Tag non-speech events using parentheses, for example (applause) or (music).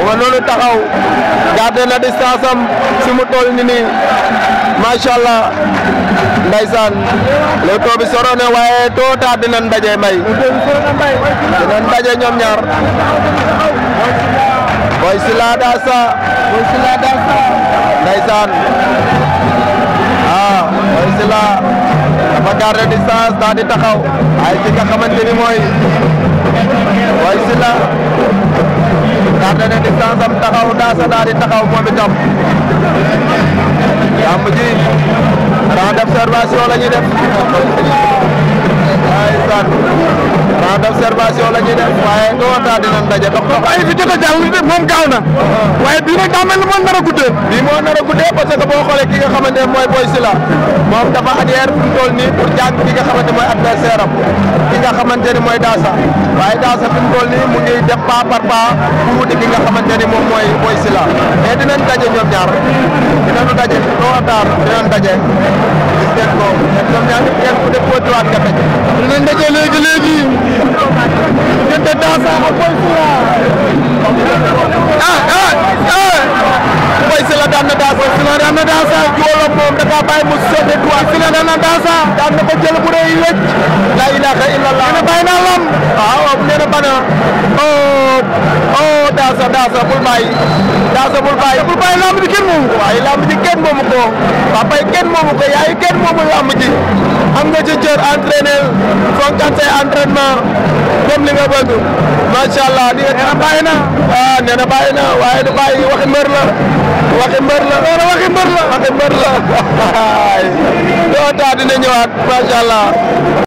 mu nga noonu taxaw gardé na distance am fi tol ni ni nii macha allah ndaysaan lewtoo bi soro na waaye tôt tard dinañ daje mbay dinañ ñaar boy sila dasa boy sila dasa ndaysan ah boy sila dafa gardé distance da di taxaw ay ci nga xamante ni boy sila daal na ne distance am taxaw daasa daal di taxaw moom itam làmb ji rang d'observation la ñuy def waaye san rang d'observation la ñuy def waaye doo taa dinañ daje dox dox ay fi jot a jàll li def moom gaaw na uh-huh. waaye bii nag daa mel ni moo nar a guddee bii moo nar a guddee parce que boo xoolee ki nga xamante ne mooy Boy Sylla moom dafa arrière fu mu toll nii pour jàng ki nga xamante mooy adversaire am nga xamante ni mooy daasa waaye daasa fi mu toll mu ngi def pas par pas pour nga xamante ni mooy mooy Sila mais dinañ daje ñoom ñaar dinañu daje tôt ou tard dinañ daje gis ngeen ko ñoom ñaar kenn ku def boo jiwaat nga fekk. dinañ daje léegi léegi diggante daasa ak Boy Sila. Sénégal daan na Dansa Jolof moom da kaa bàyyi mu sëte droit Sénégal daan na Dansa daan na ko jël bu rëy wécc bana oh oh Dansa Dansa bul bàyyi Dansa bul bàyyi bul bàyyi lamb ji kenn moomu ko papa yi kenn moomu ko yaay kenn moomu allah di nga nee ah nee na bàyyi na waaye mbër la (laughs) doo taa dina ñëwaat macha allah.